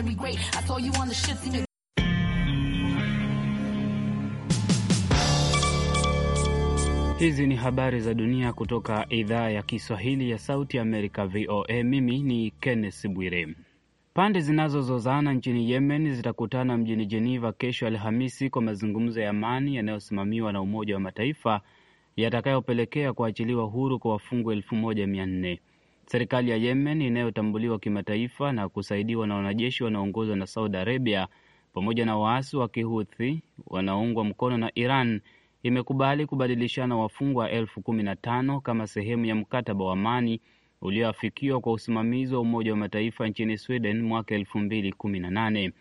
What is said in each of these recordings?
can be great. I saw you on the shit in your Hizi ni habari za dunia kutoka idhaa ya Kiswahili ya Sauti ya Amerika, VOA. Mimi ni Kenneth Bwire. Pande zinazozozana nchini Yemen zitakutana mjini Jeneva kesho Alhamisi kwa mazungumzo ya amani yanayosimamiwa na Umoja wa Mataifa yatakayopelekea kuachiliwa huru kwa wafungwa elfu moja mia nne. Serikali ya Yemen inayotambuliwa kimataifa na kusaidiwa na wanajeshi wanaoongozwa na Saudi Arabia pamoja na waasi wa Kihuthi wanaoungwa mkono na Iran imekubali kubadilishana wafungwa elfu kumi na tano kama sehemu ya mkataba wa amani ulioafikiwa kwa usimamizi wa Umoja wa Mataifa nchini Sweden mwaka elfu mbili kumi na nane.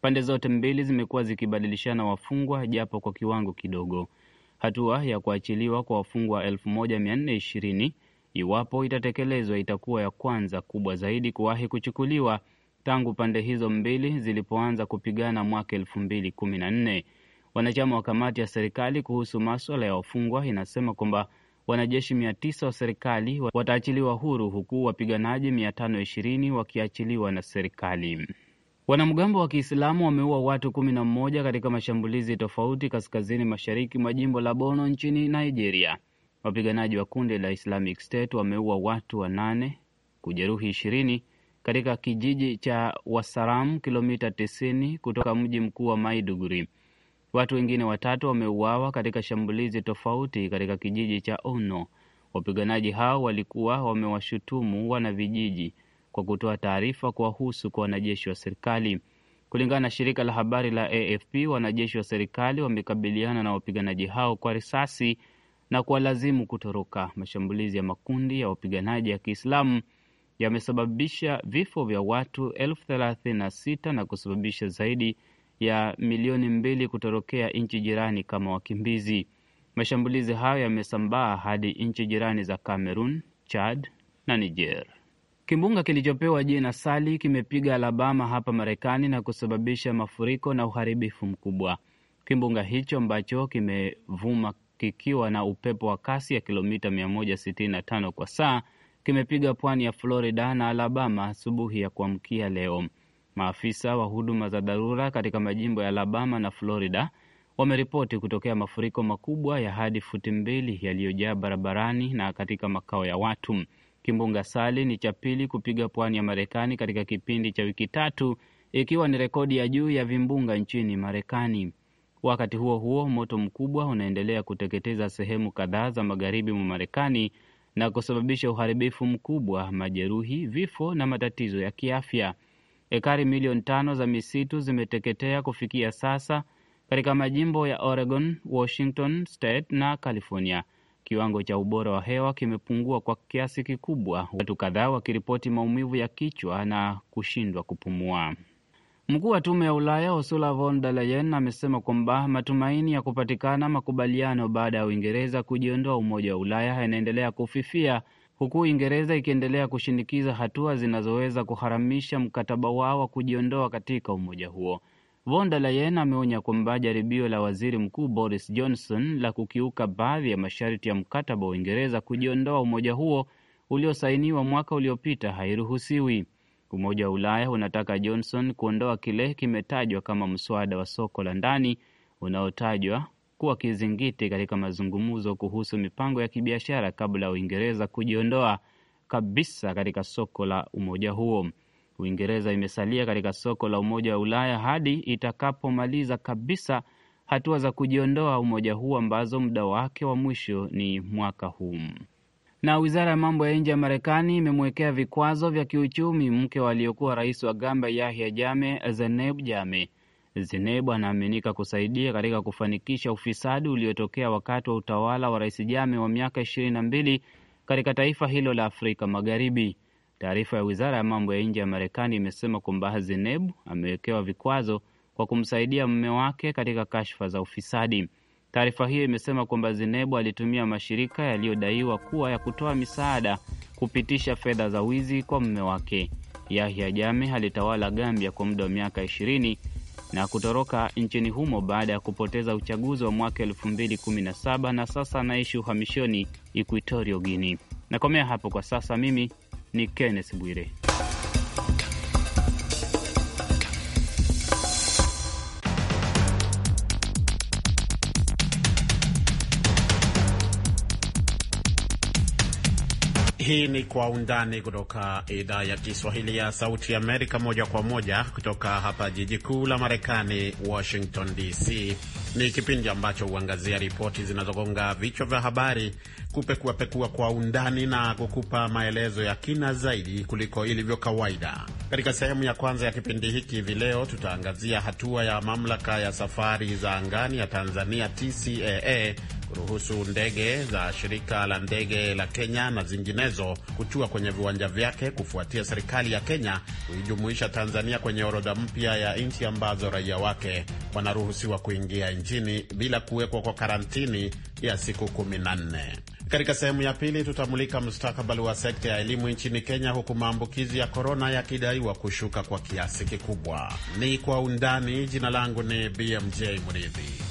Pande zote mbili zimekuwa zikibadilishana wafungwa japo kwa kiwango kidogo. Hatua ya kuachiliwa kwa wafungwa elfu moja mia nne ishirini Iwapo itatekelezwa, itakuwa ya kwanza kubwa zaidi kuwahi kuchukuliwa tangu pande hizo mbili zilipoanza kupigana mwaka elfu mbili kumi na nne. Wanachama wa kamati ya serikali kuhusu maswala ya wafungwa inasema kwamba wanajeshi mia tisa wa serikali wataachiliwa huru huku wapiganaji mia tano ishirini wakiachiliwa na serikali. Wanamgambo wa Kiislamu wameua watu kumi na mmoja katika mashambulizi tofauti kaskazini mashariki mwa jimbo la bono nchini Nigeria. Wapiganaji wa kundi la Islamic State wameua watu wanane, kujeruhi ishirini katika kijiji cha Wasaram, kilomita 90 kutoka mji mkuu wa Maiduguri. Watu wengine watatu wameuawa katika shambulizi tofauti katika kijiji cha Ono. Wapiganaji hao walikuwa wamewashutumu wana vijiji kwa kutoa taarifa kuwahusu kwa wanajeshi wa serikali. Kulingana na shirika la habari la AFP, wanajeshi wa serikali wamekabiliana na wapiganaji hao kwa risasi na kuwalazimu kutoroka. Mashambulizi ya makundi ya wapiganaji ya Kiislamu yamesababisha vifo vya watu elfu thelathini na sita na kusababisha zaidi ya milioni mbili kutorokea nchi jirani kama wakimbizi. Mashambulizi hayo yamesambaa hadi nchi jirani za Cameroon, Chad na Niger. Kimbunga kilichopewa jina Sali kimepiga Alabama hapa Marekani na kusababisha mafuriko na uharibifu mkubwa. Kimbunga hicho ambacho kimevuma kikiwa na upepo wa kasi ya kilomita 165 kwa saa kimepiga pwani ya Florida na Alabama asubuhi ya kuamkia leo. Maafisa wa huduma za dharura katika majimbo ya Alabama na Florida wameripoti kutokea mafuriko makubwa ya hadi futi mbili yaliyojaa barabarani na katika makao ya watu. Kimbunga Sali ni cha pili kupiga pwani ya Marekani katika kipindi cha wiki tatu, ikiwa ni rekodi ya juu ya vimbunga nchini Marekani. Wakati huo huo, moto mkubwa unaendelea kuteketeza sehemu kadhaa za magharibi mwa Marekani na kusababisha uharibifu mkubwa, majeruhi, vifo na matatizo ya kiafya. Ekari milioni tano za misitu zimeteketea kufikia sasa katika majimbo ya Oregon, Washington State na California. Kiwango cha ubora wa hewa kimepungua kwa kiasi kikubwa, watu kadhaa wakiripoti maumivu ya kichwa na kushindwa kupumua. Mkuu wa tume ya Ulaya Ursula von der Leyen amesema kwamba matumaini ya kupatikana makubaliano baada ya Uingereza kujiondoa Umoja wa Ulaya yanaendelea kufifia huku Uingereza ikiendelea kushinikiza hatua zinazoweza kuharamisha mkataba wao wa kujiondoa katika umoja huo. Von der Leyen ameonya kwamba jaribio la waziri mkuu Boris Johnson la kukiuka baadhi ya masharti ya mkataba wa Uingereza kujiondoa umoja huo uliosainiwa mwaka uliopita hairuhusiwi. Umoja wa Ulaya unataka Johnson kuondoa kile kimetajwa kama mswada wa soko la ndani unaotajwa kuwa kizingiti katika mazungumzo kuhusu mipango ya kibiashara kabla ya Uingereza kujiondoa kabisa katika soko la umoja huo. Uingereza imesalia katika soko la Umoja wa Ulaya hadi itakapomaliza kabisa hatua za kujiondoa umoja huo ambazo muda wake wa mwisho ni mwaka huu. Na wizara ya mambo ya nje ya Marekani imemwekea vikwazo vya kiuchumi mke wa aliyekuwa rais wa Gambia Yahya jame Zeneb jame Zeneb anaaminika kusaidia katika kufanikisha ufisadi uliotokea wakati wa utawala wa rais jame wa miaka ishirini na mbili katika taifa hilo la Afrika Magharibi. Taarifa ya wizara ya mambo ya nje ya Marekani imesema kwamba Zeneb amewekewa vikwazo kwa kumsaidia mme wake katika kashfa za ufisadi. Taarifa hiyo imesema kwamba zinebo alitumia mashirika yaliyodaiwa kuwa ya kutoa misaada kupitisha fedha za wizi kwa mume wake. Yahya jame alitawala Gambia kwa muda wa miaka 20 na kutoroka nchini humo baada ya kupoteza uchaguzi wa mwaka 2017 na sasa anaishi uhamishoni Equatorio Guinea. Nakomea hapo kwa sasa. Mimi ni Kenneth Bwire. Hii ni Kwa Undani kutoka idhaa ya Kiswahili ya Sauti ya Amerika, moja kwa moja kutoka hapa jiji kuu la Marekani, Washington DC. Ni kipindi ambacho huangazia ripoti zinazogonga vichwa vya habari, kupekuapekua kwa undani na kukupa maelezo ya kina zaidi kuliko ilivyo kawaida. Katika sehemu ya kwanza ya kipindi hiki hivi leo, tutaangazia hatua ya mamlaka ya safari za angani ya Tanzania, TCAA, kuruhusu ndege za shirika la ndege la Kenya na zinginezo kuchua kwenye viwanja vyake kufuatia serikali ya Kenya kuijumuisha Tanzania kwenye orodha mpya ya nchi ambazo raia wake wanaruhusiwa kuingia nchini bila kuwekwa kwa karantini ya siku kumi na nne. Katika sehemu ya pili tutamulika mustakabali wa sekta ya elimu nchini Kenya, huku maambukizi ya korona yakidaiwa kushuka kwa kiasi kikubwa. Ni kwa undani. Jina langu ni BMJ Mridhi.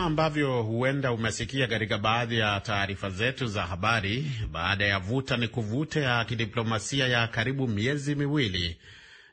Kama ambavyo huenda umesikia katika baadhi ya taarifa zetu za habari, baada ya vuta ni kuvute ya kidiplomasia ya karibu miezi miwili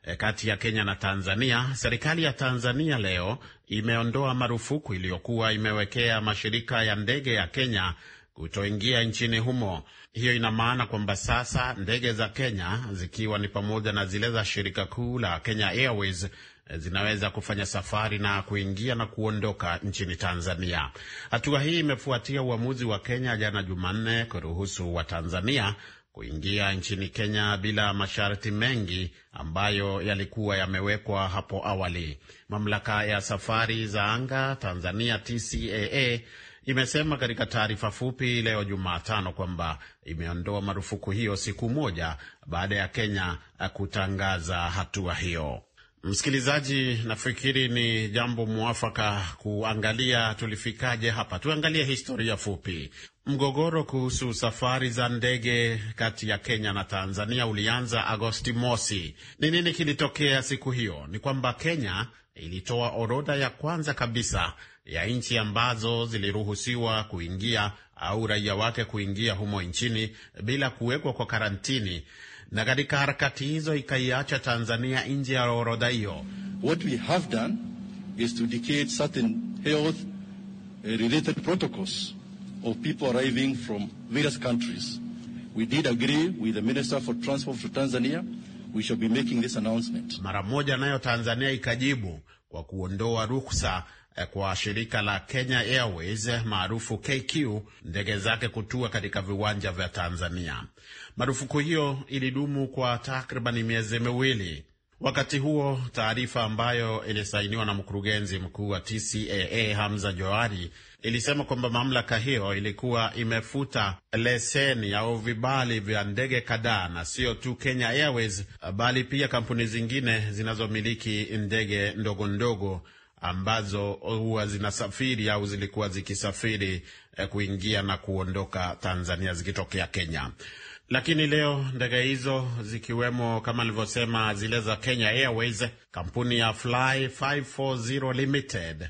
eh, kati ya Kenya na Tanzania, serikali ya Tanzania leo imeondoa marufuku iliyokuwa imewekea mashirika ya ndege ya Kenya kutoingia nchini humo. Hiyo ina maana kwamba sasa ndege za Kenya zikiwa ni pamoja na zile za shirika kuu la Kenya Airways zinaweza kufanya safari na kuingia na kuondoka nchini Tanzania. Hatua hii imefuatia uamuzi wa Kenya jana Jumanne kuruhusu Watanzania kuingia nchini Kenya bila masharti mengi ambayo yalikuwa yamewekwa hapo awali. Mamlaka ya safari za anga Tanzania TCAA imesema katika taarifa fupi leo Jumatano kwamba imeondoa marufuku hiyo siku moja baada ya Kenya kutangaza hatua hiyo. Msikilizaji, nafikiri ni jambo mwafaka kuangalia tulifikaje hapa. Tuangalie historia fupi. Mgogoro kuhusu safari za ndege kati ya Kenya na Tanzania ulianza Agosti mosi. Ni nini kilitokea siku hiyo? Ni kwamba Kenya ilitoa orodha ya kwanza kabisa ya nchi ambazo ziliruhusiwa kuingia au raia wake kuingia humo nchini bila kuwekwa kwa karantini na katika harakati hizo ikaiacha Tanzania nje ya orodha hiyo. What we have done is to certain health eh, related protocols of people arriving from various countries. We did agree with the Minister for Transport for Tanzania. We shall be making this announcement. Mara moja nayo Tanzania ikajibu kwa kuondoa ruhusa eh, kwa shirika la Kenya Airways maarufu KQ ndege zake kutua katika viwanja vya Tanzania. Marufuku hiyo ilidumu kwa takribani miezi miwili. Wakati huo, taarifa ambayo ilisainiwa na mkurugenzi mkuu wa TCAA Hamza Johari ilisema kwamba mamlaka hiyo ilikuwa imefuta leseni au vibali vya ndege kadhaa, na sio tu Kenya Airways bali pia kampuni zingine zinazomiliki ndege ndogo ndogo ambazo huwa zinasafiri au zilikuwa zikisafiri eh, kuingia na kuondoka Tanzania zikitokea Kenya. Lakini leo ndege hizo zikiwemo kama alivyosema zile za Kenya Airways, kampuni ya Fly 540 Limited,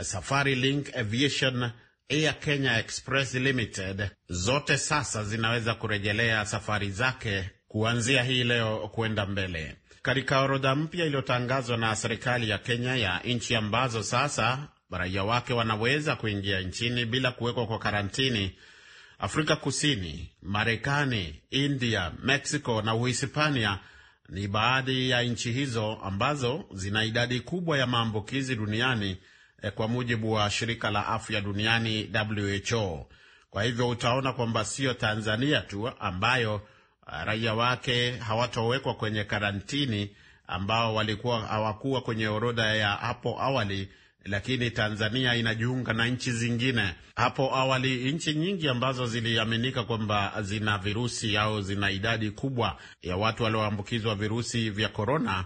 Safari Link Aviation, Air Kenya Express Limited, zote sasa zinaweza kurejelea safari zake kuanzia hii leo kwenda mbele. Katika orodha mpya iliyotangazwa na serikali ya Kenya ya nchi ambazo sasa raia wake wanaweza kuingia nchini bila kuwekwa kwa karantini Afrika Kusini, Marekani, India, Mexico na Uhispania ni baadhi ya nchi hizo ambazo zina idadi kubwa ya maambukizi duniani eh, kwa mujibu wa shirika la afya duniani WHO. Kwa hivyo utaona kwamba sio Tanzania tu ambayo eh, raia wake hawatowekwa kwenye karantini ambao walikuwa hawakuwa kwenye orodha ya hapo awali lakini Tanzania inajiunga na nchi zingine. Hapo awali nchi nyingi ambazo ziliaminika kwamba zina virusi au zina idadi kubwa ya watu walioambukizwa virusi vya korona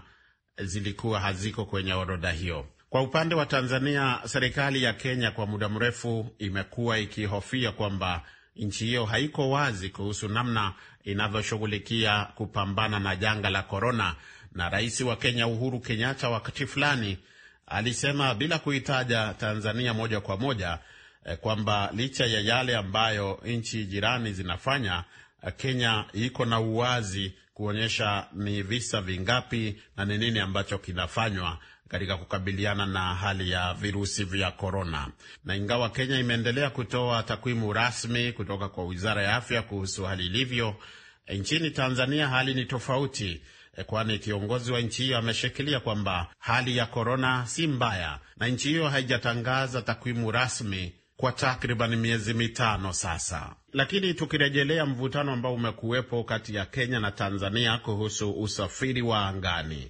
zilikuwa haziko kwenye orodha hiyo. Kwa upande wa Tanzania, serikali ya Kenya kwa muda mrefu imekuwa ikihofia kwamba nchi hiyo haiko wazi kuhusu namna inavyoshughulikia kupambana na janga la korona, na rais wa Kenya Uhuru Kenyatta wakati fulani alisema bila kuitaja Tanzania moja kwa moja eh, kwamba licha ya yale ambayo nchi jirani zinafanya, eh, Kenya iko na uwazi kuonyesha ni visa vingapi na ni nini ambacho kinafanywa katika kukabiliana na hali ya virusi vya korona. Na ingawa Kenya imeendelea kutoa takwimu rasmi kutoka kwa Wizara ya Afya kuhusu hali ilivyo eh, nchini Tanzania, hali ni tofauti. E, kwani kiongozi wa nchi hiyo ameshikilia kwamba hali ya korona si mbaya na nchi hiyo haijatangaza takwimu rasmi kwa takriban miezi mitano sasa. Lakini tukirejelea mvutano ambao umekuwepo kati ya Kenya na Tanzania kuhusu usafiri wa angani,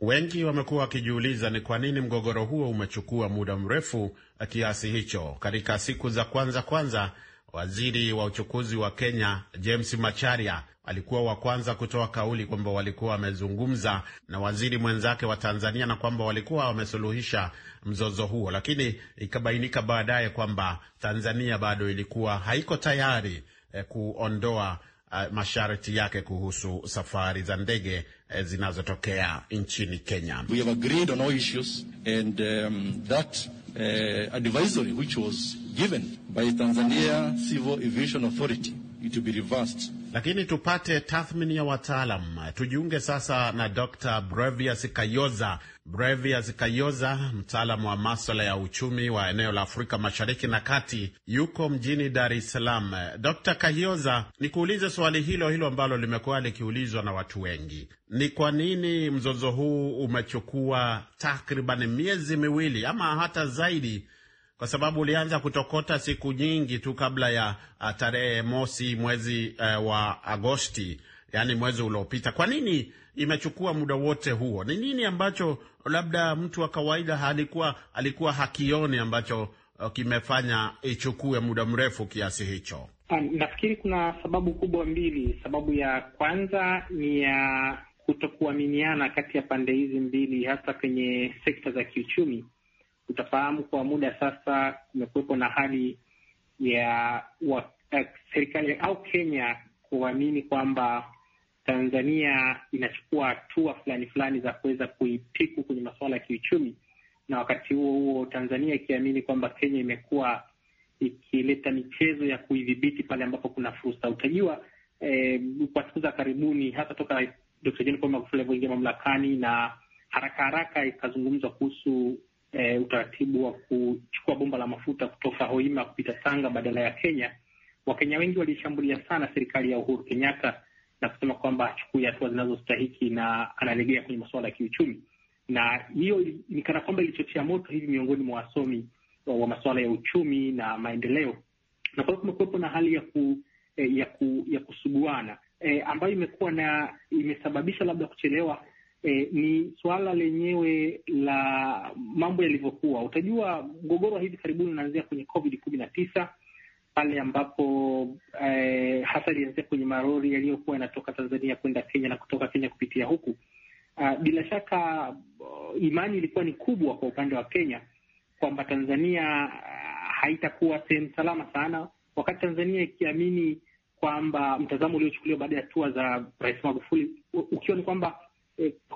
wengi wamekuwa wakijiuliza ni kwa nini mgogoro huo umechukua muda mrefu kiasi hicho. Katika siku za kwanza kwanza, waziri wa uchukuzi wa Kenya James Macharia alikuwa wa kwanza kutoa kauli kwamba walikuwa wamezungumza na waziri mwenzake wa Tanzania na kwamba walikuwa wamesuluhisha mzozo huo, lakini ikabainika baadaye kwamba Tanzania bado ilikuwa haiko tayari eh, kuondoa eh, masharti yake kuhusu safari za ndege eh, zinazotokea nchini Kenya. We have agreed on all issues and, um, that, uh, advisory which was given by Tanzania Civil Aviation Authority be reversed lakini tupate tathmini ya wataalam. Tujiunge sasa na Dr. Brevius Kayoza. Brevius Kayoza, mtaalamu wa maswala ya uchumi wa eneo la Afrika Mashariki na Kati, yuko mjini Dar es Salaam. Dr. Kayoza, nikuulize swali hilo hilo ambalo limekuwa likiulizwa na watu wengi, ni kwa nini mzozo huu umechukua takriban miezi miwili ama hata zaidi kwa sababu ulianza kutokota siku nyingi tu kabla ya uh, tarehe mosi mwezi uh, wa Agosti, yaani mwezi uliopita. Kwa nini imechukua muda wote huo? Ni nini ambacho labda mtu wa kawaida alikuwa alikuwa hakioni ambacho uh, kimefanya ichukue muda mrefu kiasi hicho? Um, nafikiri kuna sababu kubwa mbili. Sababu ya kwanza ni ya kutokuaminiana kati ya pande hizi mbili, hasa kwenye sekta za kiuchumi utafahamu kwa muda sasa kumekuwepo na hali ya wa, eh, serikali au Kenya kuamini kwamba Tanzania inachukua hatua fulani fulani za kuweza kuipiku kwenye masuala ya kiuchumi, na wakati huo huo Tanzania ikiamini kwamba Kenya imekuwa ikileta michezo ya kuidhibiti pale ambapo kuna fursa. Utajua eh, kwa siku za karibuni, hasa toka d John Pombe Magufuli alivyoingia mamlakani, na haraka haraka ikazungumzwa kuhusu e, utaratibu wa kuchukua bomba la mafuta kutoka Hoima kupita Tanga badala ya Kenya. Wakenya wengi walishambulia sana serikali ya Uhuru Kenyatta na kusema kwamba achukui hatua zinazostahiki na analegea kwenye masuala ya kiuchumi, na hiyo ni kana kwamba ilichochea moto hivi miongoni mwa wasomi wa masuala ya uchumi na maendeleo, na kwa hiyo kumekuwepo na hali ya ku, eh, ya, ku, ya kusuguana e, ambayo imekuwa na imesababisha labda kuchelewa E, ni suala lenyewe la mambo yalivyokuwa. Utajua mgogoro wa hivi karibuni unaanzia kwenye Covid kumi na tisa pale ambapo e, hasa ilianzia kwenye marori yaliyokuwa yanatoka Tanzania kwenda Kenya na kutoka Kenya kupitia huku. Uh, bila shaka imani ilikuwa ni kubwa kwa upande wa Kenya kwamba Tanzania e, haitakuwa sehemu salama sana, wakati Tanzania ikiamini kwamba mtazamo uliochukuliwa baada ya hatua za Rais Magufuli ukiwa ni kwamba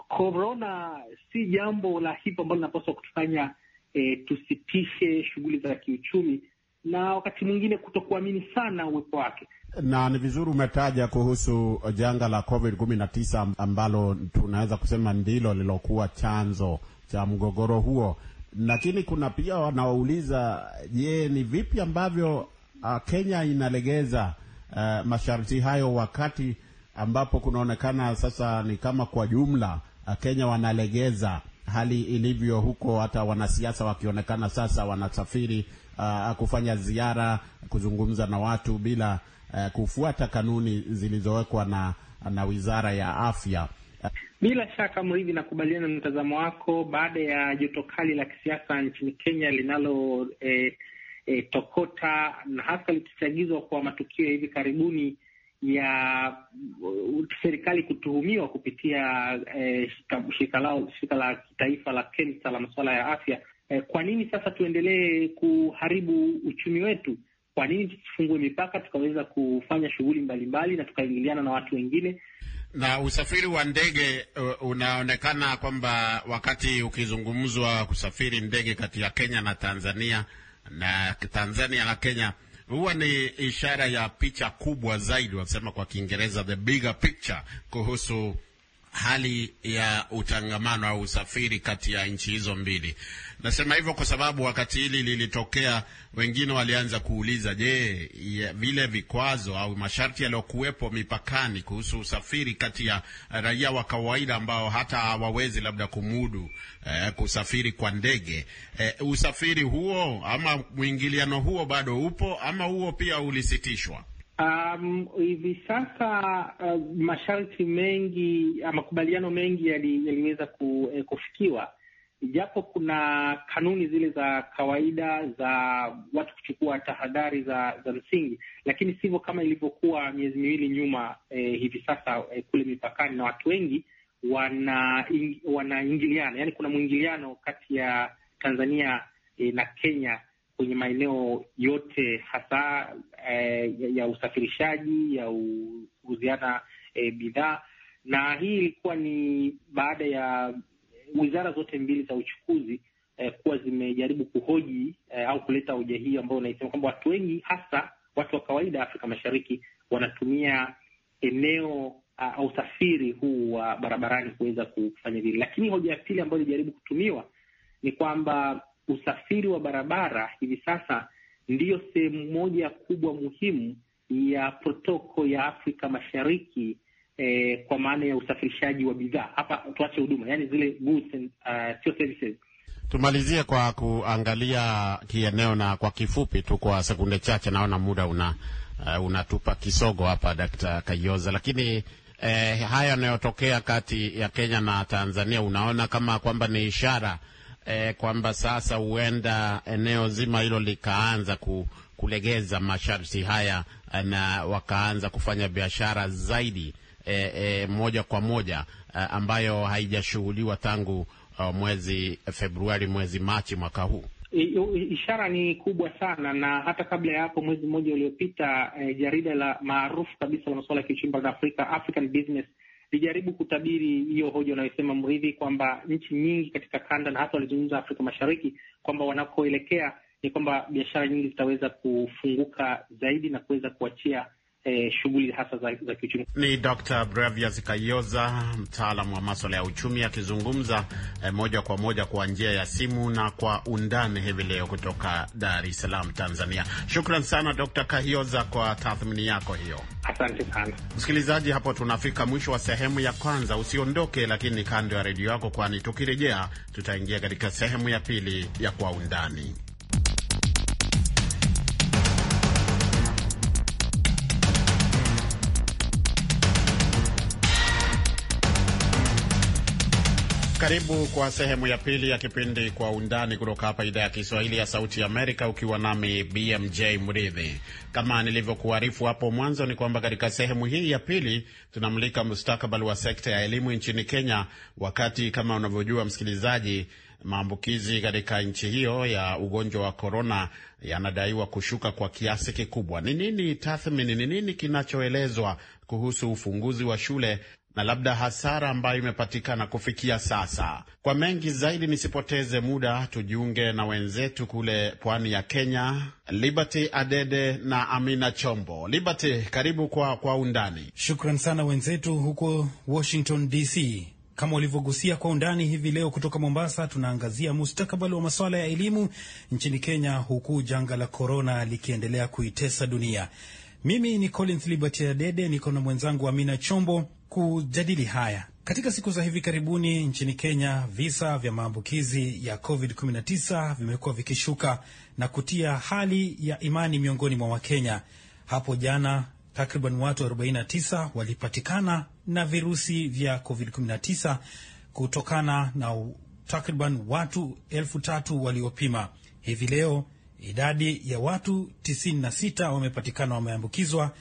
korona eh, si jambo la hivyo ambalo linapaswa kutufanya eh, tusitishe shughuli za kiuchumi na wakati mwingine kutokuamini sana uwepo wake. Na ni vizuri umetaja kuhusu janga la COVID kumi na tisa ambalo tunaweza kusema ndilo lilokuwa chanzo cha mgogoro huo, lakini kuna pia wanaouliza, je, ni vipi ambavyo ah, Kenya inalegeza uh, masharti hayo wakati ambapo kunaonekana sasa ni kama kwa jumla eh, Kenya wanalegeza hali ilivyo huko, hata wanasiasa wakionekana sasa wanasafiri uh, kufanya ziara, kuzungumza na watu bila uh, kufuata kanuni zilizowekwa na, na wizara ya afya. Bila shaka Mridhi, nakubaliana na mtazamo wako. Baada ya joto kali la kisiasa nchini Kenya linalo eh, eh, tokota na hasa likichagizwa kwa matukio ya hivi karibuni ya uh, serikali kutuhumiwa kupitia eh, shirika lao shirika la kitaifa la Kensa la masuala ya afya eh, kwa nini sasa tuendelee kuharibu uchumi wetu? Kwa nini tusifungue mipaka tukaweza kufanya shughuli mbalimbali na tukaingiliana na watu wengine? Na usafiri wa ndege uh, unaonekana kwamba wakati ukizungumzwa kusafiri ndege kati ya Kenya na Tanzania na Tanzania na Kenya huwa ni ishara ya picha kubwa zaidi, wanasema kwa Kiingereza the bigger picture kuhusu hali ya utangamano au usafiri kati ya nchi hizo mbili. Nasema hivyo kwa sababu wakati hili lilitokea, wengine walianza kuuliza, je, vile vikwazo au masharti yaliyokuwepo mipakani kuhusu usafiri kati ya raia wa kawaida ambao hata hawawezi labda kumudu eh, kusafiri kwa ndege eh, usafiri huo ama mwingiliano huo bado upo ama huo pia ulisitishwa? Um, hivi um, sasa uh, masharti mengi uh, makubaliano mengi yaliweza ku, eh, kufikiwa japo kuna kanuni zile za kawaida za watu kuchukua tahadhari za, za msingi, lakini sivyo kama ilivyokuwa miezi miwili nyuma. Eh, hivi sasa eh, kule mipakani na watu wengi wanaingiliana yani wana kuna mwingiliano kati ya Tanzania eh, na Kenya kwenye maeneo yote hasa eh, ya, usafirishaji ya kuuziana eh, bidhaa, na hii ilikuwa ni baada ya wizara zote mbili za uchukuzi eh, kuwa zimejaribu kuhoji eh, au kuleta hoja hii ambayo unaisema kwamba watu wengi hasa watu wa kawaida Afrika Mashariki wanatumia eneo ah, au uh, usafiri huu wa uh, barabarani kuweza kufanya vile. Lakini hoja ya pili ambayo ilijaribu kutumiwa ni kwamba usafiri wa barabara hivi sasa ndiyo sehemu moja kubwa muhimu ya protoko ya Afrika Mashariki eh, kwa maana ya usafirishaji wa bidhaa hapa, tuache huduma, yani zile goods and, uh, sio services. Tumalizie kwa kuangalia kieneo na kwa kifupi tu, kwa sekunde chache, naona muda una uh, unatupa kisogo hapa Dkt. Kayoza, lakini eh, haya yanayotokea kati ya Kenya na Tanzania unaona kama kwamba ni ishara eh, kwamba sasa huenda eneo zima hilo likaanza ku, kulegeza masharti haya e, na wakaanza kufanya biashara zaidi eh, eh, moja kwa moja eh, ambayo haijashuhudiwa tangu oh, mwezi Februari, mwezi Machi mwaka huu. Ishara ni kubwa sana, na hata kabla ya hapo, mwezi mmoja uliopita, eh, jarida la maarufu kabisa la masuala ya kiuchumi barani Afrika, African Business sijaribu kutabiri hiyo hoja unayosema Mridhi, kwamba nchi nyingi katika kanda na hasa walizungumza Afrika Mashariki kwamba wanakoelekea ni kwamba biashara nyingi zitaweza kufunguka zaidi na kuweza kuachia eh, shughuli hasa za, za kiuchumi. Ni Dr. Bravias Kayoza, mtaalamu wa maswala ya uchumi akizungumza eh, moja kwa moja kwa njia ya simu na kwa undani hivi leo kutoka Dar es Salaam, Tanzania. Shukran sana Dr. Kayoza kwa tathmini yako hiyo. Asante sana msikilizaji, hapo tunafika mwisho wa sehemu ya kwanza. Usiondoke lakini kando ya redio yako, kwani tukirejea tutaingia katika sehemu ya pili ya kwa undani. Karibu kwa sehemu ya pili ya kipindi Kwa Undani kutoka hapa idhaa ya Kiswahili ya Sauti Amerika, ukiwa nami BMJ Mridhi. Kama nilivyokuarifu hapo mwanzo, ni kwamba katika sehemu hii ya pili tunamulika mustakabali wa sekta ya elimu nchini Kenya, wakati kama unavyojua msikilizaji, maambukizi katika nchi hiyo ya ugonjwa wa korona yanadaiwa kushuka kwa kiasi kikubwa. Ni nini tathmini, ni nini kinachoelezwa kuhusu ufunguzi wa shule na labda hasara ambayo imepatikana kufikia sasa. Kwa mengi zaidi, nisipoteze muda, tujiunge na wenzetu kule pwani ya Kenya, Liberty Adede na Amina Chombo. Liberty, karibu kwa kwa undani. Shukran sana wenzetu huko Washington DC. Kama walivyogusia kwa undani hivi leo, kutoka Mombasa tunaangazia mustakabali wa masuala ya elimu nchini Kenya, huku janga la korona likiendelea kuitesa dunia. Mimi ni Collins Liberty Adede, niko na mwenzangu Amina Chombo kujadili haya. Katika siku za hivi karibuni nchini Kenya, visa vya maambukizi ya COVID-19 vimekuwa vikishuka na kutia hali ya imani miongoni mwa Wakenya. Hapo jana takriban watu 49 walipatikana na virusi vya COVID-19 kutokana na takriban watu elfu tatu waliopima. Hivi leo idadi ya watu 96 wamepatikana wameambukizwa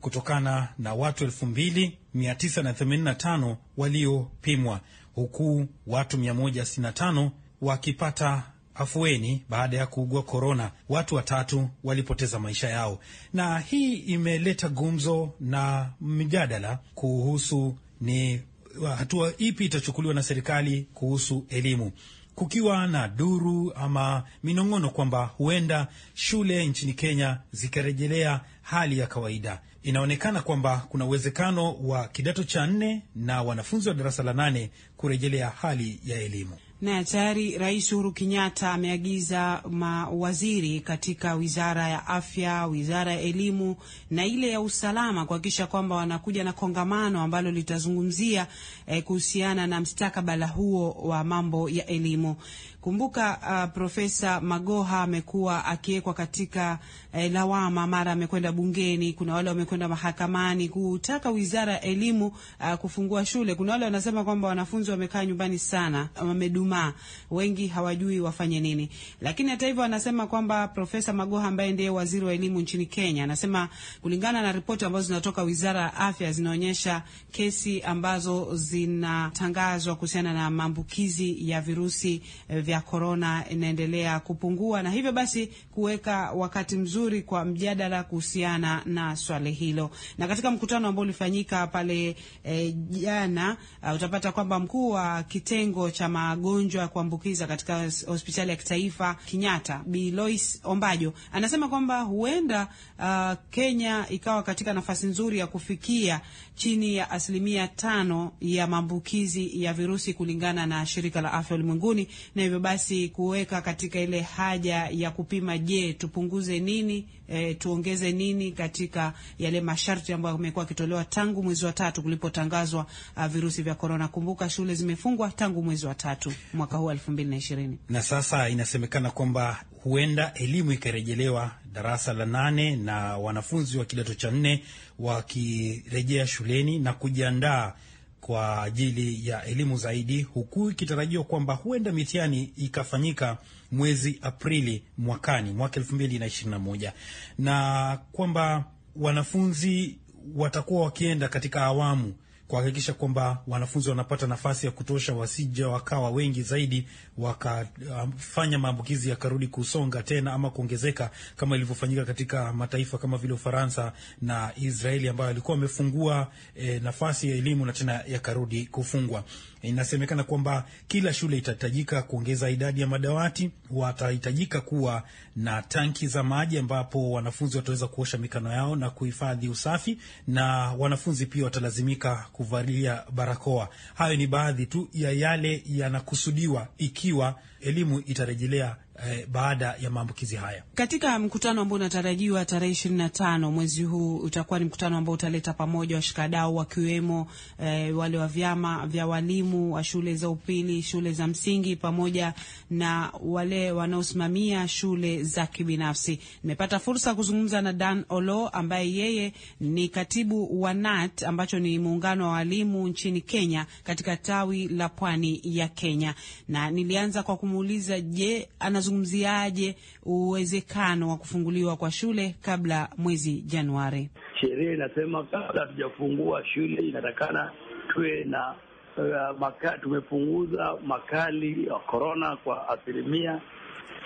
kutokana na watu 2985 waliopimwa huku watu 165 wakipata afueni baada ya kuugua korona. Watu watatu walipoteza maisha yao, na hii imeleta gumzo na mjadala kuhusu ni uh, hatua ipi itachukuliwa na serikali kuhusu elimu, kukiwa na duru ama minong'ono kwamba huenda shule nchini Kenya zikarejelea hali ya kawaida inaonekana kwamba kuna uwezekano wa kidato cha nne na wanafunzi wa darasa la nane kurejelea hali ya elimu. Na tayari Rais Uhuru Kenyatta ameagiza mawaziri katika wizara ya afya, wizara ya elimu na ile ya usalama kuhakikisha kwamba wanakuja na kongamano ambalo litazungumzia eh, kuhusiana na mstakabala huo wa mambo ya elimu. Kumbuka uh, Profesa Magoha amekuwa akiwekwa katika eh, lawama, mara amekwenda bungeni, kuna wale wamekwenda mahakamani kutaka wizara ya elimu uh, kufungua shule. Kuna wale wanasema kwamba wanafunzi wamekaa nyumbani sana, wamedumaa, wengi hawajui wafanye nini. Lakini hata hivyo wanasema kwamba Profesa Magoha ambaye ndiye waziri wa elimu nchini Kenya anasema kulingana na ripoti ambazo zinatoka wizara ya afya zinaonyesha kesi ambazo zinatangazwa kuhusiana na maambukizi ya virusi eh, vya korona inaendelea kupungua na hivyo basi kuweka wakati mzuri nzuri kwa mjadala kuhusiana na swali hilo. Na katika mkutano ambao ulifanyika pale e, jana uh, utapata kwamba mkuu wa kitengo cha magonjwa ya kuambukiza katika hospitali ya kitaifa kinyata Bi Lois Ombajo anasema kwamba huenda uh, Kenya ikawa katika nafasi nzuri ya kufikia chini ya asilimia tano ya maambukizi ya virusi kulingana na shirika la afya ulimwenguni, na hivyo basi kuweka katika ile haja ya kupima, je, tupunguze nini, e, tuongeze nini katika yale masharti ambayo yamekuwa yakitolewa tangu mwezi wa tatu kulipotangazwa ah, virusi vya korona. Kumbuka shule zimefungwa tangu mwezi wa tatu mwaka huu elfu mbili na ishirini na sasa inasemekana kwamba huenda elimu ikarejelewa darasa la nane na wanafunzi wa kidato cha nne wakirejea shuleni na kujiandaa kwa ajili ya elimu zaidi, huku ikitarajiwa kwamba huenda mitihani ikafanyika mwezi Aprili mwakani mwaka elfu mbili na ishirini na moja na kwamba wanafunzi watakuwa wakienda katika awamu kuhakikisha kwamba wanafunzi wanapata nafasi ya kutosha, wasija wakawa wengi zaidi wakafanya maambukizi yakarudi kusonga tena ama kuongezeka kama ilivyofanyika katika mataifa kama vile Ufaransa na Israeli ambayo alikuwa amefungua e, eh, nafasi ya elimu na tena yakarudi kufungwa. Inasemekana kwamba kila shule itahitajika kuongeza idadi ya madawati, watahitajika kuwa na tanki za maji ambapo wanafunzi wataweza kuosha mikono yao na kuhifadhi usafi, na wanafunzi pia watalazimika kuvalia barakoa. Hayo ni baadhi tu ya yale yanakusudiwa ikiwa elimu itarejelea eh, baada ya maambukizi haya. Katika mkutano ambao unatarajiwa tarehe ishirini na tano mwezi huu utakuwa ni mkutano ambao utaleta pamoja washikadau wakiwemo eh, wale wa vyama vya walimu wa shule za upili, shule za msingi pamoja na wale wanaosimamia shule za kibinafsi. Nimepata fursa kuzungumza na Dan Olo ambaye yeye ni katibu wa NAT ambacho ni muungano wa walimu nchini Kenya katika tawi la pwani ya Kenya, na nilianza kwa kumuuliza je, anazungumza unazungumziaje uwezekano wa kufunguliwa kwa shule kabla mwezi Januari? Sheria inasema kabla hatujafungua shule inatakana tuwe na uh, maka, tumepunguza makali ya korona kwa asilimia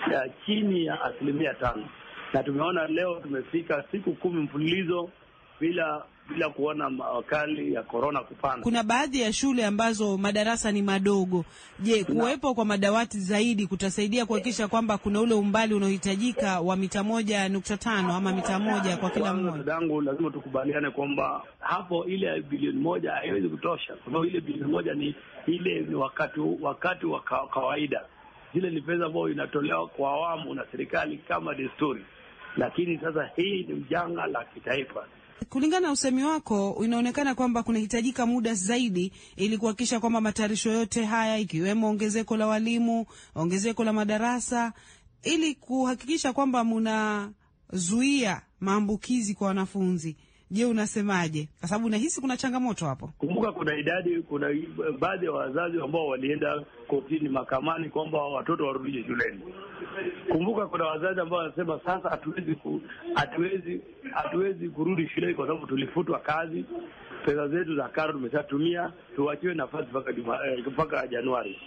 uh, chini ya asilimia tano, na tumeona leo tumefika siku kumi mfululizo bila bila kuona makali ya korona kupanda. Kuna baadhi ya shule ambazo madarasa ni madogo. Je, kuwepo kwa madawati zaidi kutasaidia kuhakikisha kwamba kuna ule umbali unaohitajika wa mita moja nukta tano ama mita moja kwa kila mmoja? Dadangu, lazima tukubaliane kwamba hapo ile bilioni moja haiwezi kutosha, kwa sababu ile bilioni moja ni ile ni wakati wakati wa kawaida. Zile ni pesa ambayo inatolewa kwa awamu na serikali kama desturi, lakini sasa hii ni mjanga la kitaifa. Kulingana na usemi wako, inaonekana kwamba kunahitajika muda zaidi ili kuhakikisha kwamba matayarisho yote haya ikiwemo ongezeko la walimu, ongezeko la madarasa, ili kuhakikisha kwamba mnazuia maambukizi kwa wanafunzi. Je, unasemaje? Kwa sababu unahisi kuna changamoto hapo. Kumbuka kuna idadi, kuna baadhi ya wazazi ambao walienda kotini, mahakamani kwamba watoto warudishe shuleni. Kumbuka kuna wazazi ambao wanasema sasa hatuwezi ku, hatuwezi hatuwezi kurudi shuleni kwa sababu tulifutwa kazi, pesa zetu za karo tumeshatumia, tuwachiwe nafasi mpaka eh, mpaka Januari.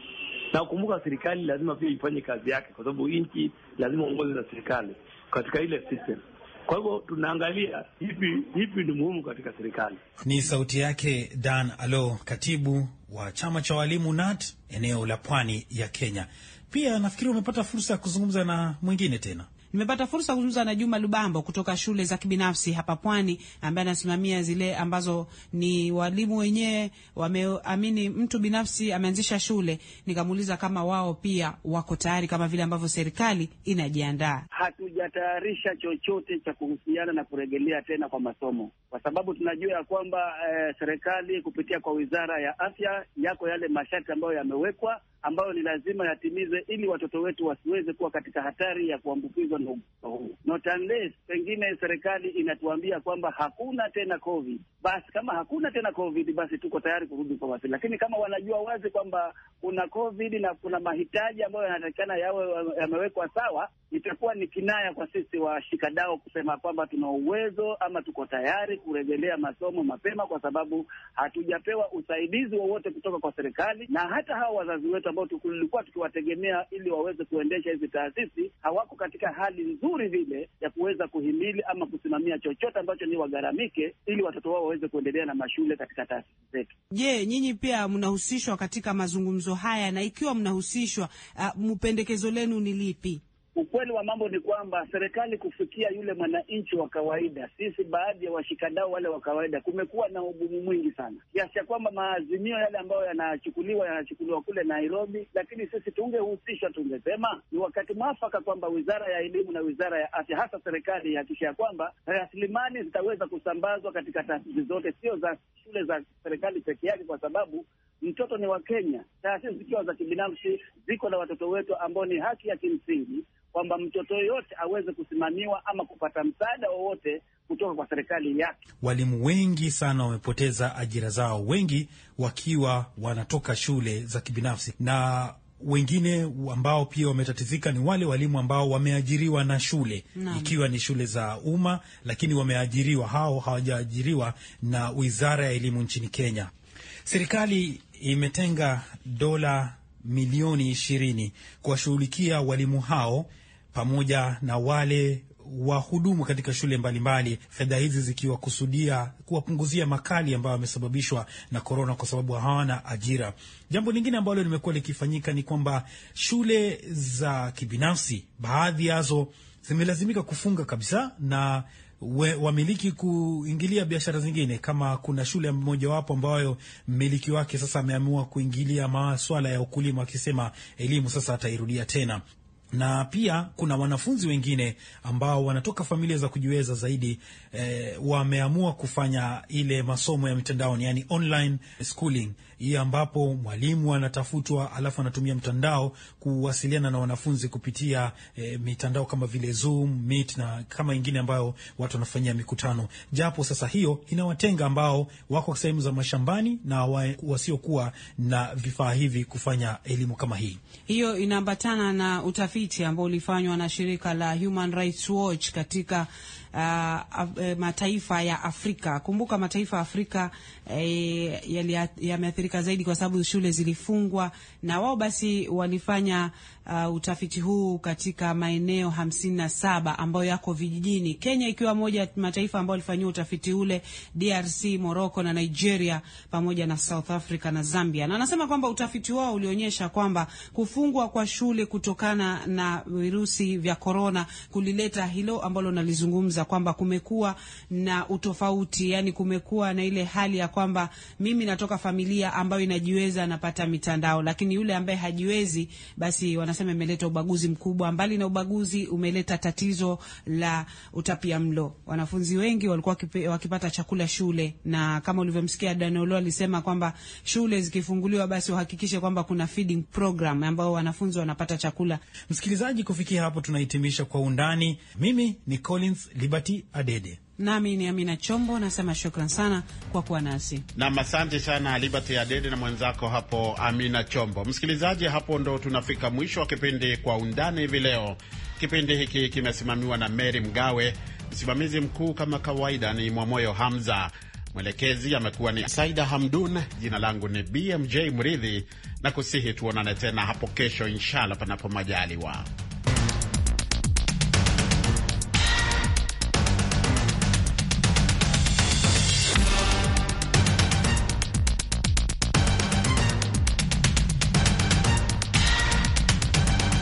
Na kumbuka serikali lazima pia ifanye kazi yake, kwa sababu nchi lazima uongozi na serikali katika ile system. Kwa hivyo tunaangalia hivi hivi ni muhimu katika serikali. Ni sauti yake Dan Alo, katibu wa chama cha walimu NAT eneo la pwani ya Kenya. Pia nafikiri umepata fursa ya kuzungumza na mwingine tena. Nimepata fursa kuzungumza na Juma Lubambo kutoka shule za kibinafsi hapa Pwani, ambaye anasimamia zile ambazo ni walimu wenyewe wameamini, mtu binafsi ameanzisha shule. Nikamuuliza kama wao pia wako tayari kama vile ambavyo serikali inajiandaa. Hatujatayarisha chochote cha kuhusiana na kurejelea tena kwa masomo, kwa sababu tunajua ya kwamba eh, serikali kupitia kwa wizara ya afya, yako yale masharti ambayo yamewekwa, ambayo ni lazima yatimizwe ili watoto wetu wasiweze kuwa katika hatari ya kuambukizwa kuanzishwa na huu, not unless pengine serikali inatuambia kwamba hakuna tena COVID. Basi kama hakuna tena COVID, basi tuko tayari kurudi kwa wasi, lakini kama wanajua wazi kwamba kuna COVID na kuna mahitaji ambayo yanatakikana yawe yamewekwa sawa, itakuwa ni kinaya kwa sisi washikadau kusema kwamba tuna uwezo ama tuko tayari kurejelea masomo mapema, kwa sababu hatujapewa usaidizi wowote kutoka kwa serikali, na hata hawa wazazi wetu ambao tulikuwa tukiwategemea ili waweze kuendesha hizi taasisi hawako katika hali hali nzuri vile ya kuweza kuhimili ama kusimamia chochote ambacho ni wagharamike, ili watoto wao waweze kuendelea na mashule katika taasisi zetu. Je, nyinyi pia mnahusishwa katika mazungumzo haya, na ikiwa mnahusishwa, uh, mpendekezo lenu ni lipi? Ukweli wa mambo ni kwamba serikali kufikia yule mwananchi wa kawaida, sisi baadhi ya washikadau wale wa kawaida, kumekuwa na ugumu mwingi sana, kiasi cha kwamba maazimio yale ambayo yanachukuliwa yanachukuliwa kule Nairobi, lakini sisi tungehusishwa, tungesema ni wakati mwafaka kwamba wizara ya elimu na wizara ya afya, hasa serikali ihakikisha ya kwamba rasilimali zitaweza kusambazwa katika taasisi zote, sio za shule za serikali peke yake, kwa sababu mtoto ni wa Kenya, taasisi zikiwa za kibinafsi ziko na watoto wetu, ambao ni haki ya kimsingi kwamba mtoto yoyote aweze kusimamiwa ama kupata msaada wowote kutoka kwa serikali yake. Walimu wengi sana wamepoteza ajira zao, wengi wakiwa wanatoka shule za kibinafsi na wengine ambao pia wametatizika ni wale walimu ambao wameajiriwa na shule na, ikiwa ni shule za umma, lakini wameajiriwa hao hawajaajiriwa na Wizara ya Elimu nchini Kenya. Serikali imetenga dola milioni ishirini kuwashughulikia walimu hao pamoja na wale wahudumu katika shule mbalimbali, fedha hizi zikiwakusudia kuwapunguzia makali ambayo yamesababishwa na korona, kwa sababu hawana ajira. Jambo lingine ambalo limekuwa likifanyika ni kwamba shule za kibinafsi baadhi yazo zimelazimika kufunga kabisa na we, wamiliki kuingilia biashara zingine, kama kuna shule mojawapo ambayo mmiliki wake sasa ameamua kuingilia maswala ya ukulima, akisema elimu sasa atairudia tena na pia kuna wanafunzi wengine ambao wanatoka familia za kujiweza zaidi e, wameamua kufanya ile masomo ya mitandaoni, yani online schooling, hii ambapo mwalimu anatafutwa alafu anatumia mtandao kuwasiliana na wanafunzi kupitia e, mitandao kama vile Zoom, Meet na kama ingine ambayo watu wanafanyia mikutano. Japo sasa hiyo inawatenga ambao wako sehemu za mashambani na wasiokuwa na vifaa hivi kufanya elimu kama hii. Hiyo inaambatana na utafiti ambao ulifanywa na shirika la Human Rights Watch katika uh, eh, mataifa ya Afrika. Kumbuka mataifa ya Afrika eh, yameathirika zaidi kwa sababu shule zilifungwa, na wao basi walifanya uh, utafiti huu katika maeneo hamsini na saba ambayo yako vijijini, Kenya ikiwa moja mataifa ambayo walifanyia utafiti ule, DRC, Morocco na Nigeria pamoja na South Africa na Zambia, na anasema kwamba utafiti wao ulionyesha kwamba kufungwa kwa shule kutokana na virusi vya korona kulileta hilo ambalo nalizungumza kwamba kumekuwa na utofauti, yani kumekuwa na ile hali ya kwamba mimi natoka familia ambayo inajiweza, napata mitandao, lakini yule ambaye hajiwezi, basi wanasema imeleta ubaguzi mkubwa. Mbali na ubaguzi, umeleta tatizo la utapia mlo. Wanafunzi wengi walikuwa wakipata chakula shule, na kama ulivyomsikia Danolo alisema kwamba shule zikifunguliwa, basi uhakikishe kwamba kuna feeding program ambao wanafunzi wanapata chakula. Msikilizaji, kufikia hapo tunahitimisha kwa undani. Mimi ni Collins Liberty Adede. Nami ni Amina Chombo, nasema shukran sana kwa kuwa nasi nam. Asante sana Liberty Adede na mwenzako hapo Amina Chombo. Msikilizaji, hapo ndo tunafika mwisho wa kipindi Kwa Undani hivi leo. Kipindi hiki kimesimamiwa na Mary Mgawe, msimamizi mkuu kama kawaida ni Mwamoyo Hamza, mwelekezi amekuwa ni Saida Hamdun. Jina langu ni BMJ Mridhi na kusihi tuonane tena hapo kesho, inshallah, panapo majaliwa.